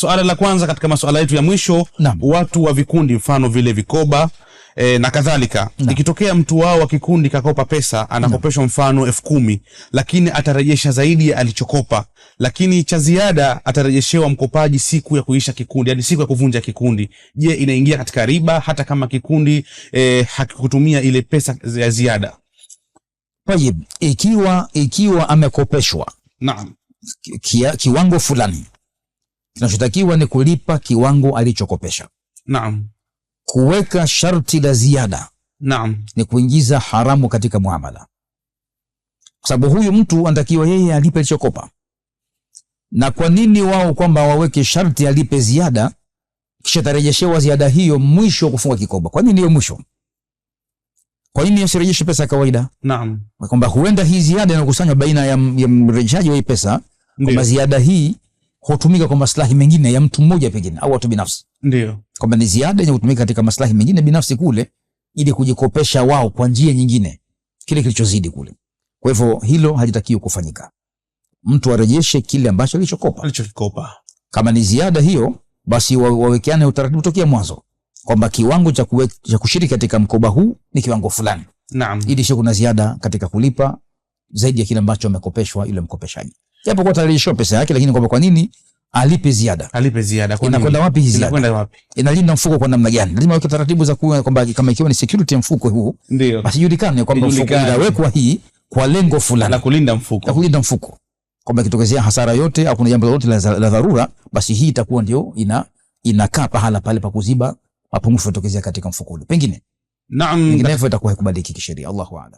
Swala la kwanza katika masuala yetu ya mwisho na, watu wa vikundi mfano vile vikoba e, na kadhalika, ikitokea mtu wao wa kikundi kakopa pesa, anakopeshwa mfano elfu kumi lakini atarejesha zaidi ya alichokopa, lakini cha ziada atarejeshewa mkopaji siku ya kuisha kikundi, yani siku ya kuvunja kikundi. Je, inaingia katika riba hata kama kikundi e, hakikutumia ile pesa ya ziada? ikiwa ikiwa amekopeshwa kiwango fulani Kinachotakiwa ni kulipa kiwango alichokopesha. Naam. Kuweka sharti la ziada. Naam. Ni kuingiza haramu katika muamala, kwa sababu huyu mtu anatakiwa yeye alipe alichokopa. Na kwa nini wao kwamba waweke sharti alipe ziada kisha tarejeshewa ziada hiyo mwisho wa kufunga kikoba? Kwa nini hiyo mwisho? Kwa nini asirejeshe pesa ya kawaida? Naam. Kwamba huenda hii ziada inakusanywa baina ya mrejeshaji wa hii pesa kwamba ziada hii hutumika kwa maslahi mengine ya mtu mmoja pengine au watu binafsi, ndio kwamba ni ziada yenye kutumika katika maslahi mengine binafsi kule, ili kujikopesha wao kwa njia nyingine kile kilichozidi kule. Kwa hivyo hilo halitakiwi kufanyika, mtu arejeshe kile ambacho alichokopa, Alichokikopa. Kama ni ziada hiyo, basi wawekeane utaratibu tokea mwanzo kwamba kiwango cha, cha kushiriki katika mkoba huu ni kiwango fulani, naam, ili sio kuna ziada katika kulipa zaidi ya kile ambacho amekopeshwa yule mkopeshaji japo kwa tayari pesa yake, lakini kwamba kwa nini alipe ziada, alipe ziada. Kwa nini inakwenda wapi hizi ziada, inakwenda wapi, inalinda mfuko kwa namna gani? Lazima weke taratibu za kuona kwamba kama ikiwa ni security ya mfuko huu, ndio basi julikane kwamba mfuko unawekwa hii kwa lengo fulani la kulinda mfuko, la kulinda mfuko kwamba ikitokezea hasara yote au kuna jambo lolote la dharura, basi hii itakuwa ndio ina inakaa pahala pale pa kuziba mapungufu yatokezea katika mfuko ule, pengine naam, vinginevyo itakuwa haikubaliki kisheria. Allahu a'lam.